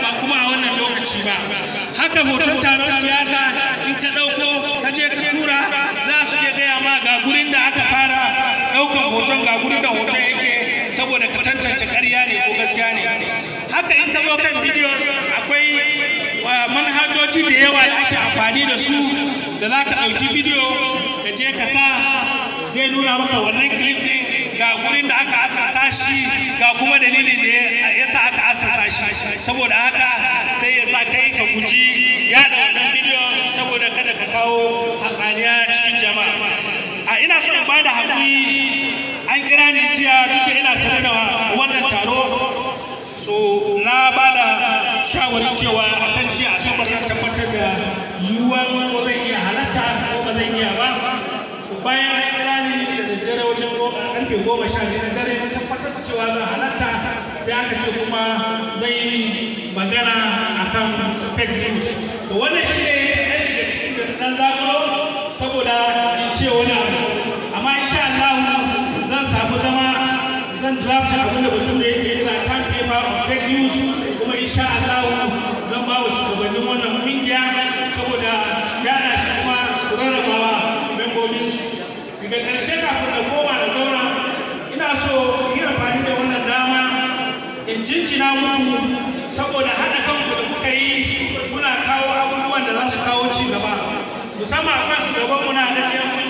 ba kuma a wannan lokaci ba haka hoton taron siyasa in ka ɗauko ka je ka tura za su iya gaya ma ga gurin da aka fara ɗaukar hoton ga gurin da hoton yake saboda ka tantance ƙarya ne ko gaskiya ne haka in ka zo kan videos akwai manhajoji da yawa da ake amfani da su da za ka ɗauki bidiyo ka je ka sa zai nuna maka wannan clip ɗin ga gurin da aka asasa shi ga kuma dalilin da ya saboda haka sai ya sa kai ka guji da wannan bidiyon saboda kada ka kawo hatsaniya cikin jama'a a ina son ba da haƙuri an kira ni jiya duk da ina sanar da wannan taro so na ba da shawarin cewa akan jiya asabar na tabbatar da yiwuwar ko zai iya halatta ko ba zai iya ba bayan an kira ni da daddare wajen karfe goma sha biyu na dare tabbatar da cewa zan halatta sai aka ce kuma magana magana akan fake news to wannan shi ne ɗan daga cikin da ɗan saboda in ce wani abu amma insha Allah zan samu zama zan draft abin da mutum da yake yana time paper on fake news kuma insha Allah zan ba wa shugabannin wannan ƙungiya saboda su yada shi kuma su rarrabawa membobinsu daga ƙarshe kafin na koma da zauna ina so yi amfani da wannan dama in jinjina mu saboda haɗa kanku da kuka yi muna kawo abubuwan da za su kawo ci gaba musamman akwai shugabanmu muna da ɗaya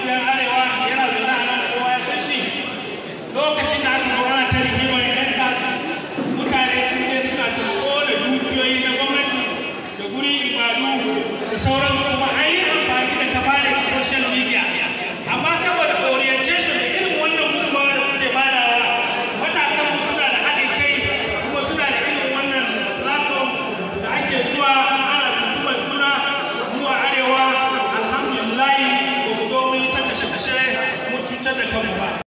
真的特别快。